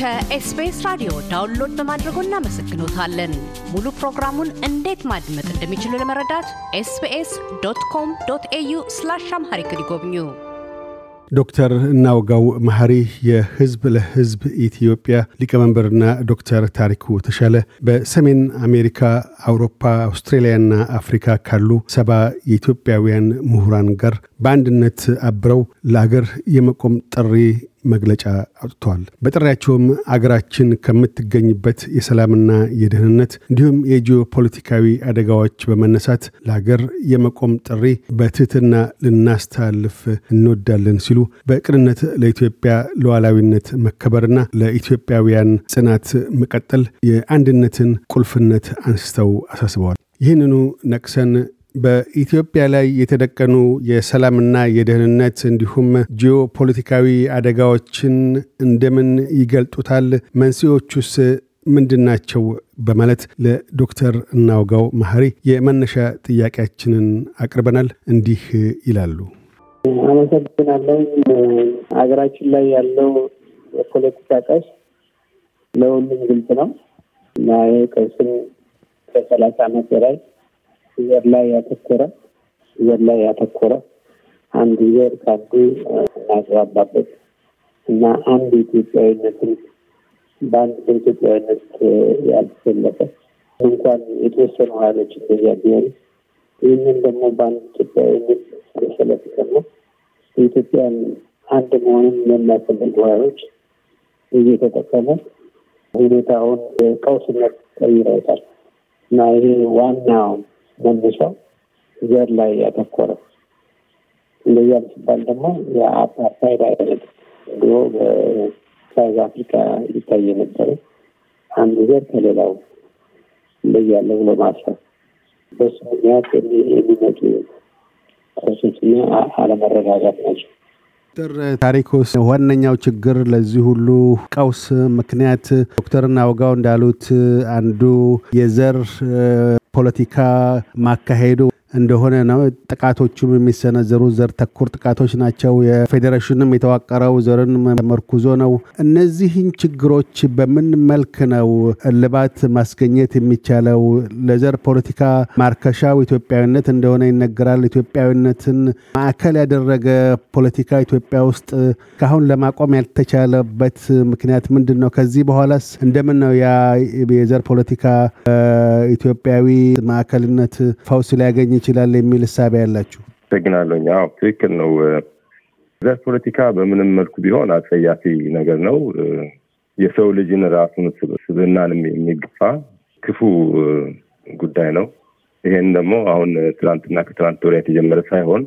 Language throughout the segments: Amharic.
ከኤስቢኤስ ራዲዮ ዳውንሎድ በማድረጎ እናመሰግኖታለን። ሙሉ ፕሮግራሙን እንዴት ማድመጥ እንደሚችሉ ለመረዳት ኤስቢኤስ ዶት ኮም ዶት ኤዩ ስላሽ አምሃሪክ ይጎብኙ። ዶክተር እናውጋው መሐሪ የህዝብ ለህዝብ ኢትዮጵያ ሊቀመንበርና ዶክተር ታሪኩ ተሻለ በሰሜን አሜሪካ፣ አውሮፓ፣ አውስትራሊያና አፍሪካ ካሉ ሰባ የኢትዮጵያውያን ምሁራን ጋር በአንድነት አብረው ለአገር የመቆም ጥሪ መግለጫ አውጥቷል። በጥሪያቸውም አገራችን ከምትገኝበት የሰላምና የደህንነት እንዲሁም የጂኦፖለቲካዊ አደጋዎች በመነሳት ለሀገር የመቆም ጥሪ በትህትና ልናስተላልፍ እንወዳለን ሲሉ በቅንነት ለኢትዮጵያ ሉዓላዊነት መከበርና ለኢትዮጵያውያን ጽናት መቀጠል የአንድነትን ቁልፍነት አንስተው አሳስበዋል። ይህንኑ ነቅሰን በኢትዮጵያ ላይ የተደቀኑ የሰላምና የደህንነት እንዲሁም ጂኦፖለቲካዊ አደጋዎችን እንደምን ይገልጡታል? መንስኤዎቹስ ምንድን ናቸው? በማለት ለዶክተር እናውጋው መሀሪ የመነሻ ጥያቄያችንን አቅርበናል። እንዲህ ይላሉ። አመሰግናለሁ። ሀገራችን ላይ ያለው የፖለቲካ ቀስ ለሁሉም ግልጽ ነው እና ይህ ቀስም ከሰላሳ ዓመት በላይ ዘር ላይ ያተኮረ ዘር ላይ ያተኮረ አንዱ ዘር ከአንዱ እናስራባበት እና አንድ ኢትዮጵያዊነትን በአንድ በኢትዮጵያዊነት ያልተሰለፈ እንኳን የተወሰኑ ሀይሎች እንደዚያ ቢሆኑ ይህንን ደግሞ በአንድ ኢትዮጵያዊነት ስለሰለፍ ደግሞ ኢትዮጵያን አንድ መሆንን የሚያስፈልጉ ሀይሎች እየተጠቀሙ ሁኔታውን ቀውስነት ቀይረውታል እና ይሄ ዋናው መልብሷ ዘር ላይ ያተኮረ እንደዚያ ሲባል ደግሞ የአፓርታይድ አይነት ድሮ በሳውዝ አፍሪካ ይታይ የነበረ አንድ ዘር ከሌላው እንደያለ ብሎ ማሰብ በሱ ምክንያት የሚመጡ ቀውሶችና አለመረጋጋት ናቸው። ዶክተር ታሪኮስ ዋነኛው ችግር ለዚህ ሁሉ ቀውስ ምክንያት ዶክተር ናውጋው እንዳሉት አንዱ የዘር ፖለቲካ ማካሄዱ እንደሆነ ነው። ጥቃቶቹም የሚሰነዘሩ ዘር ተኩር ጥቃቶች ናቸው። የፌዴሬሽንም የተዋቀረው ዘርን መርኩዞ ነው። እነዚህን ችግሮች በምን መልክ ነው እልባት ማስገኘት የሚቻለው? ለዘር ፖለቲካ ማርከሻው ኢትዮጵያዊነት እንደሆነ ይነገራል። ኢትዮጵያዊነትን ማዕከል ያደረገ ፖለቲካ ኢትዮጵያ ውስጥ ካሁን ለማቆም ያልተቻለበት ምክንያት ምንድን ነው? ከዚህ በኋላስ እንደምን ነው ያ የዘር ፖለቲካ ኢትዮጵያዊ ማዕከልነት ፈውስ ሊያገኝ ይችላል የሚል እሳቤ ያላችሁ? አመሰግናለሁ። አዎ ትክክል ነው። ዘር ፖለቲካ በምንም መልኩ ቢሆን አጸያፊ ነገር ነው። የሰው ልጅን ራሱን ስብናን የሚግፋ ክፉ ጉዳይ ነው። ይሄን ደግሞ አሁን ትናንትና ከትናንት ወዲያ የተጀመረ ሳይሆን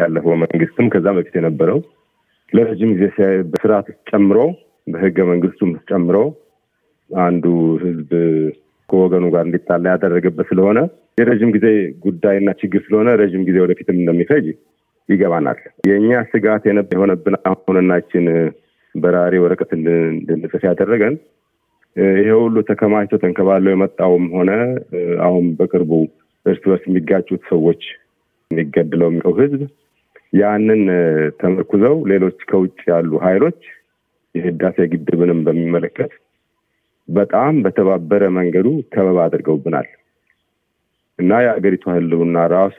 ያለፈው መንግስትም ከዛ በፊት የነበረው ለረጅም ጊዜ በስርዓት ጨምሮ በህገ መንግስቱም ጨምሮ አንዱ ህዝብ ከወገኑ ጋር እንዲጣላ ያደረገበት ስለሆነ የረዥም ጊዜ ጉዳይና ችግር ስለሆነ ረዥም ጊዜ ወደፊትም እንደሚፈጅ ይገባናል። የእኛ ስጋት የሆነብን አሁንናችን በራሪ ወረቀት እንድንጽፍ ያደረገን ይሄ ሁሉ ተከማችቶ ተንከባሎ የመጣውም ሆነ አሁን በቅርቡ እርስ በርስ የሚጋጩት ሰዎች የሚገድለው የሚው ህዝብ ያንን ተመርኩዘው ሌሎች ከውጭ ያሉ ኃይሎች የህዳሴ ግድብንም በሚመለከት በጣም በተባበረ መንገዱ ከበባ አድርገውብናል እና የአገሪቷ ህልውና ራሱ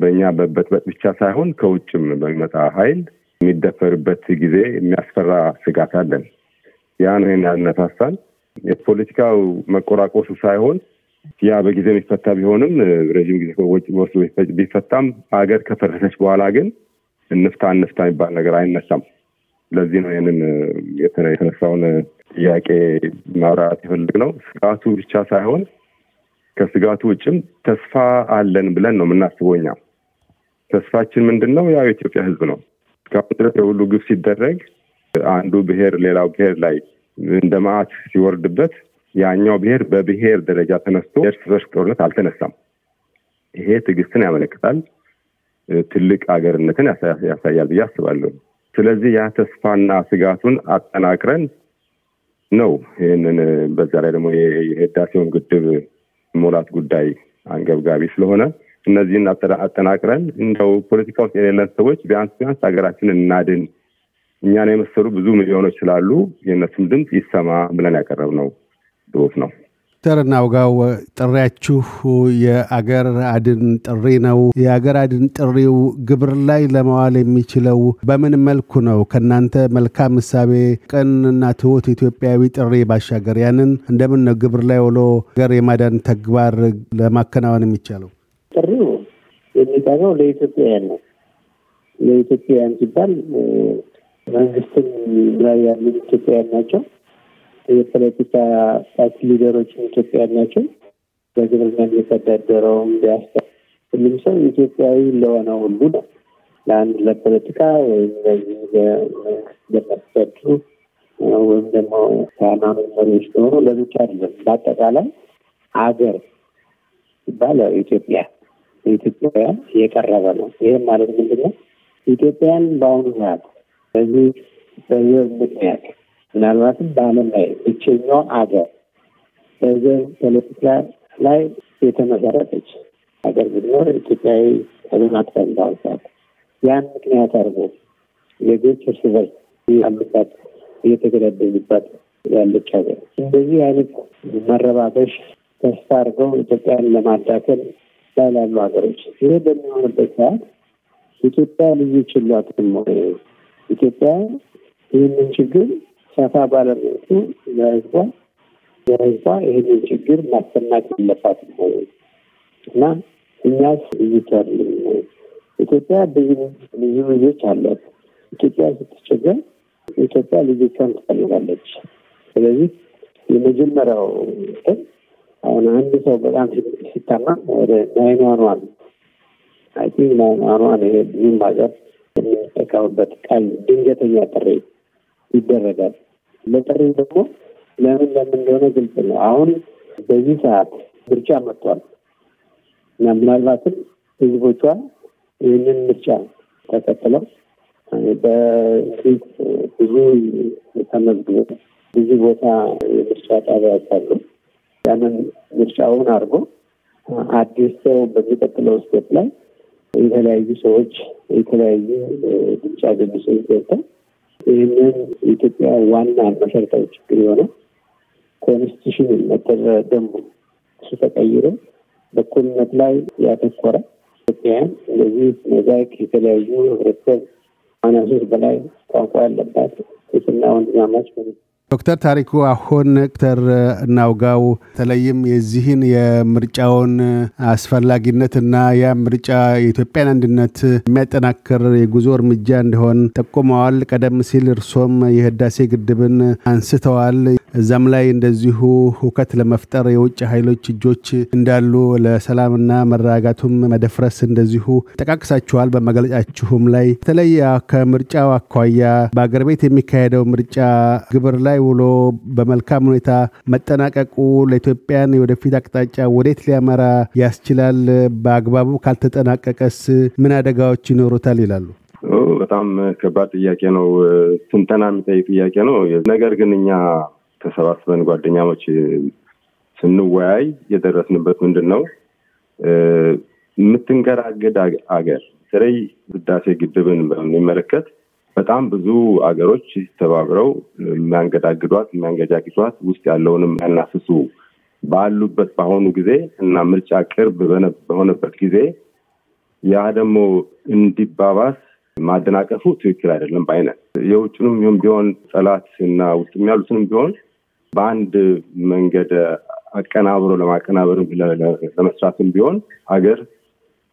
በእኛ በበጥበጥ ብቻ ሳይሆን ከውጭም በሚመጣ ሀይል የሚደፈርበት ጊዜ የሚያስፈራ ስጋት አለን። ያ ነው ያነሳሳል። የፖለቲካው መቆራቆሱ ሳይሆን ያ በጊዜ የሚፈታ ቢሆንም ረዥም ጊዜ ወጪ ወስዶ ቢፈታም ሀገር ከፈረሰች በኋላ ግን እንፍታ እንፍታ የሚባል ነገር አይነሳም። ለዚህ ነው ይህንን የተነሳውን ጥያቄ ማብራራት የፈለግነው ስጋቱ ብቻ ሳይሆን ከስጋቱ ውጭም ተስፋ አለን ብለን ነው የምናስበው እኛ። ተስፋችን ምንድን ነው? ያው የኢትዮጵያ ሕዝብ ነው። እስካሁን ድረስ የሁሉ ግብ ሲደረግ አንዱ ብሔር ሌላው ብሔር ላይ እንደ መዓት ሲወርድበት ያኛው ብሔር በብሔር ደረጃ ተነስቶ እርስ በርስ ጦርነት አልተነሳም። ይሄ ትዕግስትን ያመለክታል፣ ትልቅ አገርነትን ያሳያል ብዬ አስባለሁ። ስለዚህ ያ ተስፋና ስጋቱን አጠናክረን ነው። ይህንን በዛ ላይ ደግሞ የህዳሴውን ግድብ ሙላት ጉዳይ አንገብጋቢ ስለሆነ እነዚህን አጠናቅረን እንደው ፖለቲካ ውስጥ የሌለን ሰዎች ቢያንስ ቢያንስ ሀገራችን እናድን እኛን የመሰሉ ብዙ ሚሊዮኖች ስላሉ የእነሱም ድምፅ ይሰማ ብለን ያቀረብነው ጽሁፍ ነው። ዶክተር ናውጋው ጥሪያችሁ የአገር አድን ጥሪ ነው። የአገር አድን ጥሪው ግብር ላይ ለመዋል የሚችለው በምን መልኩ ነው? ከእናንተ መልካም ምሳቤ ቅንና ትሁት ኢትዮጵያዊ ጥሪ ባሻገር ያንን እንደምን ነው ግብር ላይ ውሎ አገር የማዳን ተግባር ለማከናወን የሚቻለው? ጥሪው የሚቀርበው ለኢትዮጵያውያን ነው። ለኢትዮጵያውያን ሲባል መንግስትን ላይ ያሉ ኢትዮጵያውያን ናቸው። የፖለቲካ ፓርቲ ሊደሮችም ኢትዮጵያ ናቸው። በግብርና የሚተዳደረውም ቢያስ ሁሉም ሰው ኢትዮጵያዊ ለሆነ ሁሉ ነው። ለአንድ ለፖለቲካ ወይም ለዚህ ለመንግስት ለመሰዱ ወይም ደግሞ ከሃይማኖት መሪዎች ለሆኑ ለብቻ አይደለም። በአጠቃላይ አገር ሲባል ኢትዮጵያ ኢትዮጵያውያን እየቀረበ ነው። ይህም ማለት ምንድነው? ኢትዮጵያን በአሁኑ ሰዓት በዚህ በዚህ ምክንያት ምናልባትም በዓለም ላይ ብቸኛው አገር በዘር ፖለቲካ ላይ የተመሰረተች ሀገር ብኖር ኢትዮጵያዊ ተገናት በአሁኑ ያን ምክንያት አድርጎ ዜጎች እርስ በርስ ያሉባት እየተገዳደሉባት ያለች ሀገር እንደዚህ አይነት መረባበሽ ተስፋ አድርገው ኢትዮጵያን ለማዳከል ላይ ላሉ ሀገሮች ይሄ በሚሆንበት ሰዓት ኢትዮጵያ ልዩ ችሏትም ኢትዮጵያ ይህንን ችግር ሰፋ ባለመልኩ ለህዝቧ ለህዝቧ ይህንን ችግር ማሰማት የለባት ነው እና እኛስ ልዩት ኢትዮጵያ ብዙ ልጆች አሏት። ኢትዮጵያ ስትቸገር ኢትዮጵያ ልጆቿን ትፈልጋለች። ስለዚህ የመጀመሪያው እንትን አሁን አንድ ሰው በጣም ሲታማ ወደ ናይኗኗን ዋን ዋን አይ ቲንክ ይሄ ብዙም ሀገር የምንጠቀምበት ቃል ድንገተኛ ጥሪ ይደረጋል። ለጥሪው ደግሞ ለምን ለምን እንደሆነ ግልጽ ነው። አሁን በዚህ ሰዓት ምርጫ መጥቷል እና ምናልባትም ህዝቦቿ ይህንን ምርጫ ተከትለው በእንግሊዝ ብዙ ተመዝግቦ ብዙ ቦታ የምርጫ ጣቢያ ያሳሉ ያንን ምርጫውን አድርጎ አዲስ ሰው በሚቀጥለው ስቴት ላይ የተለያዩ ሰዎች የተለያዩ ድምጫ ገቢ ሰዎች ገብተው ይህንን የኢትዮጵያ ዋና መሰረታዊ ችግር የሆነው ኮንስቲቱሽን መተረ ደንቡ እሱ ተቀይሮ በኩልነት ላይ ያተኮረ ኢትዮጵያውያን እንደዚህ መዛይክ የተለያዩ ህብረተሰብ አናሶች በላይ ቋንቋ ያለባት ሴትና ወንድማማች ዶክተር ታሪኩ አሁን ዶክተር እናውጋው በተለይም የዚህን የምርጫውን አስፈላጊነትና ያ ምርጫ የኢትዮጵያን አንድነት የሚያጠናክር የጉዞ እርምጃ እንደሆን ጠቁመዋል። ቀደም ሲል እርሶም የህዳሴ ግድብን አንስተዋል። እዛም ላይ እንደዚሁ ሁከት ለመፍጠር የውጭ ኃይሎች እጆች እንዳሉ ለሰላምና መረጋጋቱም መደፍረስ እንደዚሁ ጠቃቅሳችኋል በመግለጫችሁም ላይ በተለይ ከምርጫው አኳያ በአገር ቤት የሚካሄደው ምርጫ ግብር ላይ ላይ ውሎ በመልካም ሁኔታ መጠናቀቁ ለኢትዮጵያን የወደፊት አቅጣጫ ወዴት ሊያመራ ያስችላል? በአግባቡ ካልተጠናቀቀስ ምን አደጋዎች ይኖሩታል? ይላሉ። በጣም ከባድ ጥያቄ ነው። ትንተና የሚጠይቅ ጥያቄ ነው። ነገር ግን እኛ ተሰባስበን ጓደኛሞች ስንወያይ የደረስንበት ምንድን ነው የምትንገራገድ አገር በተለይ ህዳሴ ግድብን በሚመለከት በጣም ብዙ አገሮች ተባብረው የሚያንገዳግዷት የሚያንገጃግዷት ውስጥ ያለውንም ያናፍሱ ባሉበት በአሁኑ ጊዜ እና ምርጫ ቅርብ በሆነበት ጊዜ ያ ደግሞ እንዲባባስ ማደናቀፉ ትክክል አይደለም በአይነት የውጭንም ቢሆን ጠላት እና ውስጥ ያሉትንም ቢሆን በአንድ መንገድ አቀናብሮ ለማቀናበር ለመስራትም ቢሆን ሀገር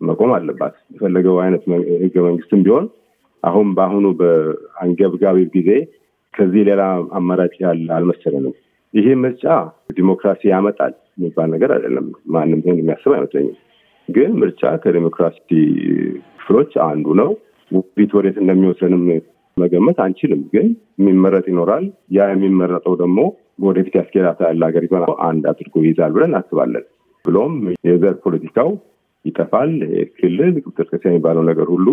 መቆም አለባት። የፈለገው አይነት ህገ መንግስትም ቢሆን አሁን በአሁኑ በአንገብጋቢ ጊዜ ከዚህ ሌላ አማራጭ ያለ አልመሰለንም። ይህ ምርጫ ዲሞክራሲ ያመጣል የሚባል ነገር አይደለም። ማንም ይሄን የሚያስብ አይመስለኝም። ግን ምርጫ ከዲሞክራሲ ክፍሎች አንዱ ነው። ውቢት ወዴት እንደሚወስንም መገመት አንችልም። ግን የሚመረጥ ይኖራል። ያ የሚመረጠው ደግሞ ወደፊት ያስኬዳታል ሀገሪቷን አንድ አድርጎ ይይዛል ብለን እናስባለን። ብሎም የዘር ፖለቲካው ይጠፋል። ክልል ቁጥር የሚባለው ነገር ሁሉ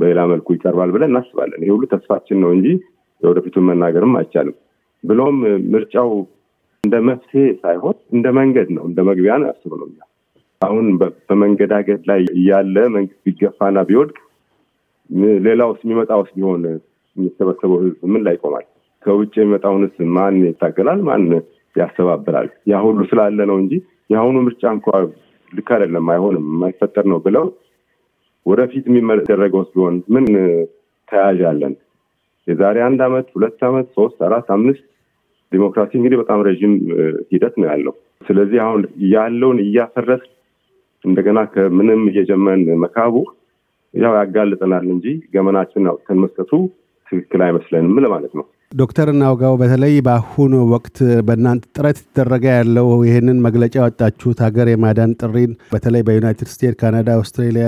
በሌላ መልኩ ይቀርባል ብለን እናስባለን። ይሄ ሁሉ ተስፋችን ነው እንጂ የወደፊቱን መናገርም አይቻልም። ብሎም ምርጫው እንደ መፍትሄ ሳይሆን እንደ መንገድ ነው፣ እንደ መግቢያ ነው ያስብነው። አሁን በመንገዳገድ ላይ እያለ መንግስት ቢገፋና ቢወድቅ ሌላውስ የሚመጣውስ ቢሆን የሚሰበሰበው ህዝብ ምን ላይ ይቆማል? ከውጭ የሚመጣውንስ ማን ይታገላል? ማን ያስተባብራል? ያ ሁሉ ስላለ ነው እንጂ የአሁኑ ምርጫ እንኳ ልክ አይደለም፣ አይሆንም፣ የማይፈጠር ነው ብለው ወደፊት የሚደረገው ቢሆን ምን ተያያዥ አለን? የዛሬ አንድ አመት፣ ሁለት አመት፣ ሶስት፣ አራት፣ አምስት ዲሞክራሲ እንግዲህ በጣም ረዥም ሂደት ነው ያለው። ስለዚህ አሁን ያለውን እያፈረስ እንደገና ከምንም እየጀመን መካቡ ያው ያጋልጠናል እንጂ ገመናችን አውጥተን መስጠቱ ትክክል አይመስለንም ለማለት ነው። ዶክተር እናውጋው በተለይ በአሁኑ ወቅት በእናንተ ጥረት የተደረገ ያለው ይህንን መግለጫ ያወጣችሁት ሀገር የማዳን ጥሪን በተለይ በዩናይትድ ስቴትስ፣ ካናዳ፣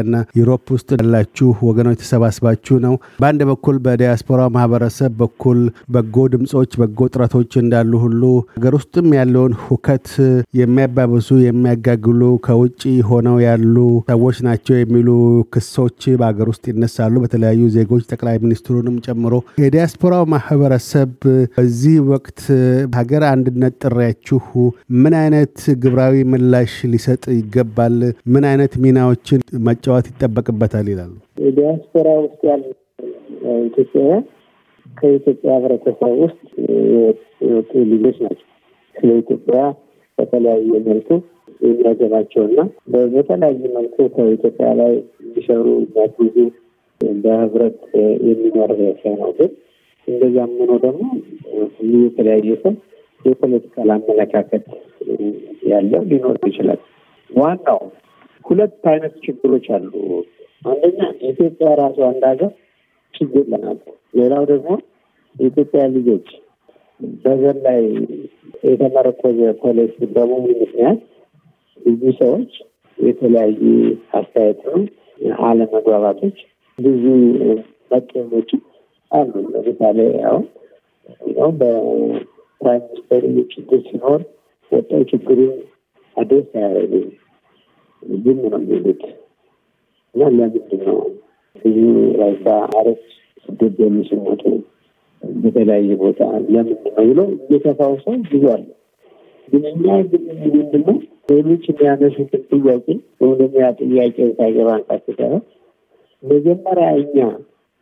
እና ዩሮፕ ውስጥ ያላችሁ ወገኖች ተሰባስባችሁ ነው። በአንድ በኩል በዲያስፖራ ማህበረሰብ በኩል በጎ ድምፆች፣ በጎ ጥረቶች እንዳሉ ሁሉ ሀገር ውስጥም ያለውን ሁከት የሚያባብሱ የሚያጋግሉ ከውጭ ሆነው ያሉ ሰዎች ናቸው የሚሉ ክሶች በሀገር ውስጥ ይነሳሉ። በተለያዩ ዜጎች ጠቅላይ ሚኒስትሩንም ጨምሮ የዲያስፖራው ማህበረሰብ ቤተሰብ በዚህ ወቅት ሀገር አንድነት ጥሪያችሁ ምን አይነት ግብራዊ ምላሽ ሊሰጥ ይገባል? ምን አይነት ሚናዎችን መጫወት ይጠበቅበታል? ይላሉ ዲያስፖራ ውስጥ ያሉ ኢትዮጵያውያን ከኢትዮጵያ ህብረተሰብ ውስጥ የወጡ ልጆች ናቸው። ስለ ኢትዮጵያ በተለያየ መልኩ የሚያገባቸው በተለያየ መልኩ ከኢትዮጵያ ላይ የሚሰሩ የሚያግዙ በህብረት የሚኖር ሰው ነው ግን እንደዛ ምኖ ደግሞ የተለያየ ሰው የፖለቲካል አመለካከት ያለው ሊኖር ይችላል። ዋናው ሁለት አይነት ችግሮች አሉ። አንደኛ ኢትዮጵያ ራሱ አንድ ሀገር ችግር ለናት፣ ሌላው ደግሞ የኢትዮጵያ ልጆች በዘር ላይ የተመረኮዘ ፖሊሲ በመሆኑ ምክንያት ብዙ ሰዎች የተለያዩ አስተያየት ነው አለመግባባቶች፣ ብዙ መጠሞችን አሉ። ለምሳሌ ያው ነው በፕራይም ሚኒስተር ችግር ሲኖር ወጣው ችግሩ አድረስ አያደርጉ ዝም ነው የሚሉት እና ለምንድን ነው ብዙ ስደት የሚስሞቱ በተለያየ ቦታ ለምንድን ነው ብሎ ሰው ብዙ አለ። ግን እኛ ግን ምንድን ነው ሌሎች የሚያነሱትን ጥያቄ ወይም ደግሞ ያ ጥያቄ መጀመሪያ እኛ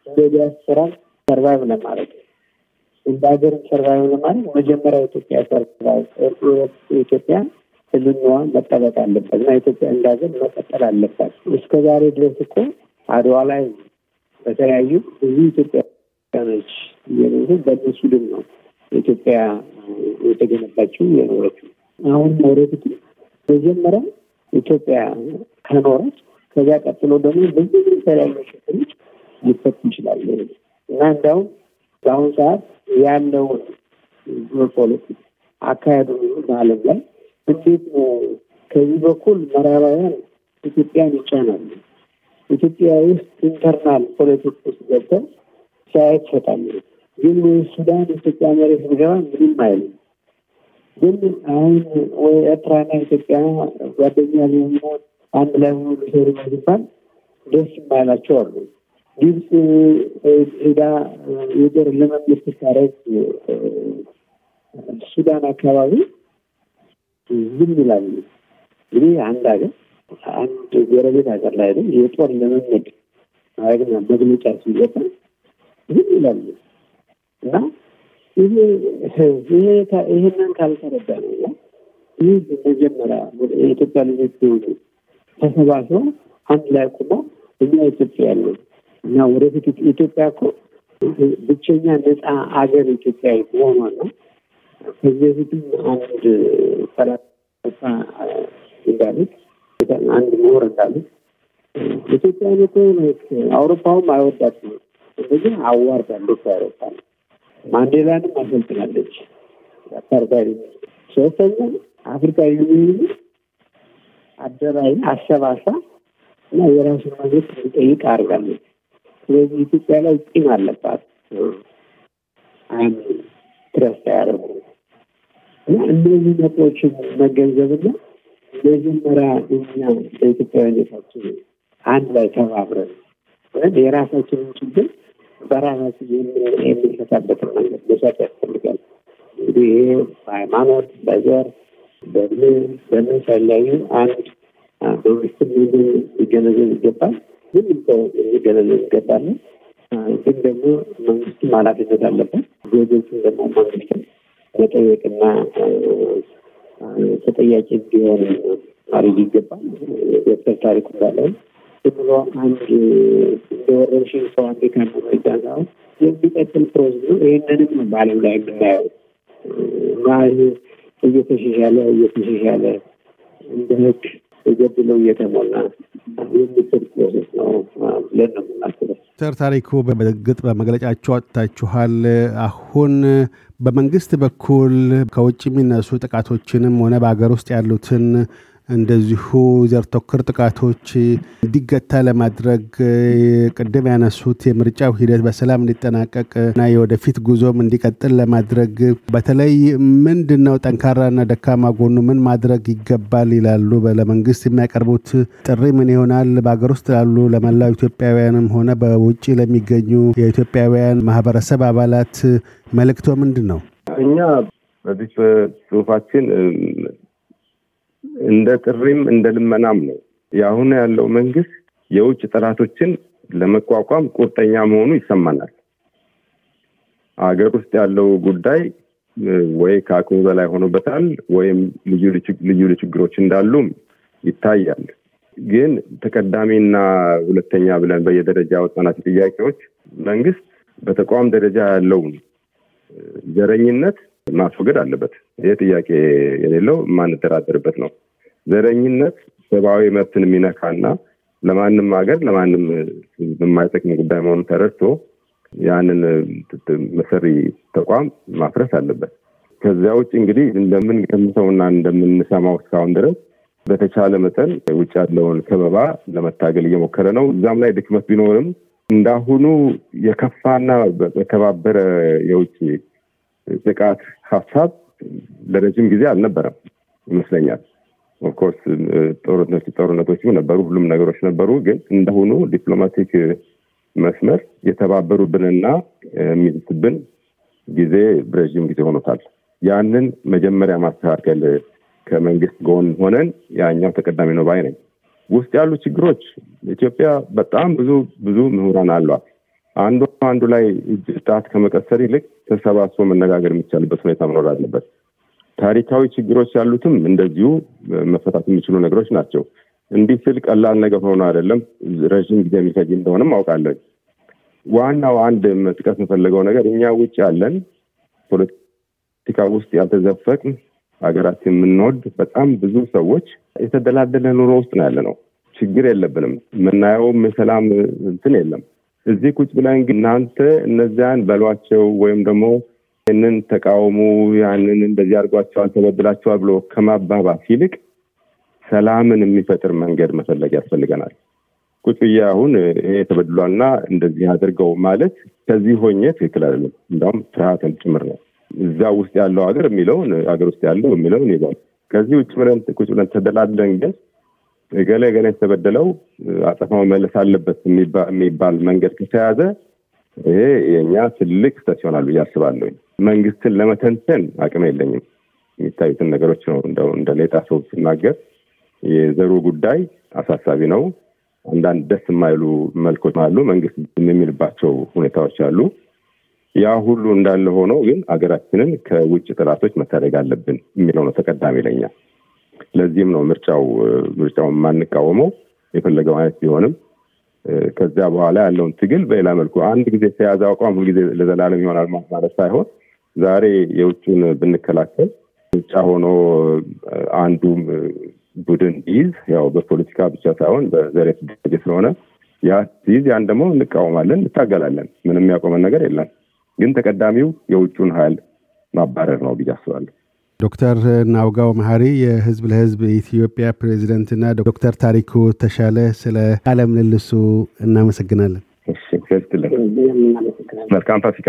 እንደዚህ ያስራል ሰርቫይቭ ለማድረግ እንደ ሀገር ሰርቫይቭ ለማድረግ መጀመሪያ ኢትዮጵያ ሰርቫይቭ ኢትዮጵያ ህልናዋ መጠበቅ አለበት እና ኢትዮጵያ እንደ ሀገር መቀጠል አለባት። እስከ ዛሬ ድረስ እኮ አድዋ ላይ በተለያዩ ብዙ ኢትዮጵያኖች የኖሩ በእነሱ ድም ነው ኢትዮጵያ የተገነባችው የኖረችው። አሁን ወደፊት መጀመሪያ ኢትዮጵያ ከኖረች ከዚያ ቀጥሎ ደግሞ ብዙ የተለያዩ ችግሮች ሊፈቱ ይችላሉ። እና እንዲያውም በአሁኑ ሰዓት ያለውን ጂኦፖለቲክስ አካሄዱ በዓለም ላይ እንዴት ነው ከዚህ በኩል ምዕራባውያን ኢትዮጵያን ይጫናሉ። ኢትዮጵያ ውስጥ ኢንተርናል ፖለቲክ ውስጥ ገብተው ሲያየት ይሰጣሉ። ግን ወይ ሱዳን ኢትዮጵያ መሬት ብገባ ምንም አይሉ። ግን አሁን ወይ ኤርትራና ኢትዮጵያ ጓደኛ ሊሆን አንድ ላይ ሆኖ ሊሰሩ ሲባል ደስ የማይላቸው አሉ። ግብፅ ሄዳ የጦር ልምምድ ስታደርግ ሱዳን አካባቢ ዝም ይላሉ። እንግዲህ አንድ ሀገር አንድ ጎረቤት ሀገር ላይ ነው የጦር ልምምድ ማድረግና መግለጫ ሲወጣ ዝም ይላሉ እና ይህንን ካልተረዳ ነው ይህ መጀመሪያ የኢትዮጵያ ልጆች ተሰባስበው አንድ ላይ ቁመው እኛ ኢትዮጵያ ያለን እና ወደፊት ኢትዮጵያ እኮ ብቸኛ ነፃ ሀገር ኢትዮጵያ መሆኗ ነው። ከዚህ በፊትም አንድ ፈላስፋ እንዳሉት አንድ ምሁር እንዳሉት ኢትዮጵያን እኮ አውሮፓውም አይወዳት እንደዚህ አዋርዳለች። አውሮፓ ማንዴላንም አሰልጥናለች። አፓርታይድ ሶስተኛ አፍሪካ ዩኒየን አደራይ አሰባሳ እና የራሱን መንግስት ጠይቅ አርጋለች ስለዚህ ኢትዮጵያ ላይ ጢም አለባት። አንድ ትረስ ያደርጉ እና እነዚህ ነጥቦችን መገንዘብና መጀመሪያ እኛ በኢትዮጵያዊነታችን አንድ ላይ ተባብረን ወይም የራሳችንን ችግር በራሳችን የምንፈታበትን መንገድ መሻት ያስፈልጋል። እንግዲህ ይሄ በሃይማኖት፣ በዘር፣ በምን በምን ሳይለያዩ አንድ በውስጥ ሚሊዮን ሊገነዘብ ይገባል። ምን ሰው ሊገለል ይገባል። ግን ደግሞ መንግስትም ኃላፊነት አለበት። ዜጎቹን ደግሞ መንግስት መጠየቅና ተጠያቂ እንዲሆን ማድረግ ይገባል። የዶክተር ታሪኩ እንዳለው ብሎ አንድ እንደወረርሽኝ ሰው አንዴ ከመመጫ ሰው የሚቀጥል ፕሮዝ ነው። ይህንንም ነው በዓለም ላይ የምናየው እና እየተሻሻለ እየተሻሻለ እንደ ህግ የጎደለው እየተሞላ የሚችል ዶክተር ታሪኩ በግጥ በመግለጫችሁ አጥታችኋል። አሁን በመንግስት በኩል ከውጭ የሚነሱ ጥቃቶችንም ሆነ በሀገር ውስጥ ያሉትን እንደዚሁ ዘር ተኮር ጥቃቶች እንዲገታ ለማድረግ ቅድም ያነሱት የምርጫው ሂደት በሰላም እንዲጠናቀቅ እና የወደፊት ጉዞም እንዲቀጥል ለማድረግ በተለይ ምንድን ነው ጠንካራና ደካማ ጎኑ ምን ማድረግ ይገባል ይላሉ? ለመንግስት የሚያቀርቡት ጥሪ ምን ይሆናል? በሀገር ውስጥ ላሉ ለመላው ኢትዮጵያውያንም ሆነ በውጭ ለሚገኙ የኢትዮጵያውያን ማህበረሰብ አባላት መልእክቶ ምንድን ነው? እኛ በዚህ ጽሁፋችን እንደ ጥሪም እንደ ልመናም ነው። የአሁን ያለው መንግስት የውጭ ጠላቶችን ለመቋቋም ቁርጠኛ መሆኑ ይሰማናል። አገር ውስጥ ያለው ጉዳይ ወይ ከአቅሙ በላይ ሆኖበታል ወይም ልዩ ችግሮች እንዳሉም ይታያል። ግን ተቀዳሚና ሁለተኛ ብለን በየደረጃ ያወጣናቸው ጥያቄዎች መንግስት በተቋም ደረጃ ያለውን ዘረኝነት ማስወገድ አለበት። ይህ ጥያቄ የሌለው የማንደራደርበት ነው። ዘረኝነት ሰብአዊ መብትን የሚነካና ለማንም ሀገር ለማንም የማይጠቅም ጉዳይ መሆኑን ተረድቶ ያንን መሰሪ ተቋም ማፍረስ አለበት። ከዚያ ውጭ እንግዲህ እንደምንገምተውና እንደምንሰማው እስካሁን ድረስ በተቻለ መጠን ውጭ ያለውን ከበባ ለመታገል እየሞከረ ነው። እዛም ላይ ድክመት ቢኖርም እንዳሁኑ የከፋና በተባበረ የውጭ ጥቃት ሀሳብ ለረጅም ጊዜ አልነበረም ይመስለኛል። ኦፍኮርስ uh, ጦርነት ጦርነቶች ነበሩ፣ ሁሉም ነገሮች ነበሩ። ግን እንደሆኑ ዲፕሎማቲክ uh, መስመር የተባበሩብንና uh, የሚዝትብን ጊዜ ረዥም ጊዜ ሆኖታል። ያንን መጀመሪያ ማስተካከል ከመንግስት ጎን ሆነን ያኛው ተቀዳሚ ነው ባይ ነኝ። ውስጥ ያሉ ችግሮች ኢትዮጵያ በጣም ብዙ ብዙ ምሁራን አሏት። አንዱ አንዱ ላይ እጅ ጣት ከመቀሰር ይልቅ ተሰባስቦ መነጋገር የሚቻልበት ሁኔታ መኖር አለበት። ታሪካዊ ችግሮች ያሉትም እንደዚሁ መፈታት የሚችሉ ነገሮች ናቸው። እንዲህ ስል ቀላል ነገር ሆኖ አይደለም፣ ረዥም ጊዜ የሚፈጅ እንደሆነም አውቃለን። ዋናው አንድ መጥቀስ የምፈልገው ነገር እኛ ውጭ ያለን ፖለቲካ ውስጥ ያልተዘፈቅ ሀገራት የምንወድ በጣም ብዙ ሰዎች የተደላደለ ኑሮ ውስጥ ነው ያለ ነው። ችግር የለብንም። የምናየውም የሰላም እንትን የለም። እዚህ ቁጭ ብለን እናንተ እነዚያን በሏቸው ወይም ደግሞ ይህንን ተቃውሞ ያንን እንደዚህ አድርጓቸዋል፣ ተበድላቸዋል ብሎ ከማባባስ ይልቅ ሰላምን የሚፈጥር መንገድ መፈለግ ያስፈልገናል። ቁጭ አሁን ይሄ ተበድሏልና እንደዚህ አድርገው ማለት ከዚህ ሆኜ ትክክል አይደለም። እንዲሁም ፍርሃትን ጭምር ነው። እዛ ውስጥ ያለው ሀገር የሚለውን ሀገር ውስጥ ያለው የሚለውን ይዛል። ከዚህ ውጭ ብለን ቁጭ ብለን ተደላለን ግን ገሌ ገሌ የተበደለው አጠፋ መመለስ አለበት የሚባል መንገድ ከተያዘ ይሄ የእኛ ትልቅ ስተት ይሆናል ብዬ መንግስትን ለመተንተን አቅም የለኝም። የሚታዩትን ነገሮች ነው እንደው እንደ ሌጣ ሰው ሲናገር የዘሩ ጉዳይ አሳሳቢ ነው። አንዳንድ ደስ የማይሉ መልኮች አሉ። መንግስት የሚልባቸው ሁኔታዎች አሉ። ያ ሁሉ እንዳለ ሆኖ ግን አገራችንን ከውጭ ጥላቶች መታደግ አለብን የሚለው ነው ተቀዳሚ ለኛ። ለዚህም ነው ምርጫው ምርጫውን የማንቃወመው የፈለገው አይነት ቢሆንም ከዚያ በኋላ ያለውን ትግል በሌላ መልኩ አንድ ጊዜ ተያዘ አቋም ሁልጊዜ ለዘላለም ይሆናል ማለት ሳይሆን ዛሬ የውጭን ብንከላከል ውጫ ሆኖ አንዱ ቡድን ይዝ ያው በፖለቲካ ብቻ ሳይሆን በዘር የተደራጀ ስለሆነ ያ ይዝ ያን ደግሞ እንቃወማለን፣ እንታገላለን። ምንም የሚያቆመን ነገር የለም። ግን ተቀዳሚው የውጩን ኃይል ማባረር ነው ብዬ አስባለሁ። ዶክተር ናውጋው መሀሪ የህዝብ ለህዝብ የኢትዮጵያ ፕሬዚደንትና ዶክተር ታሪኩ ተሻለ ስለ ቃለ ምልልሱ እናመሰግናለን። መልካም ፋሲካ።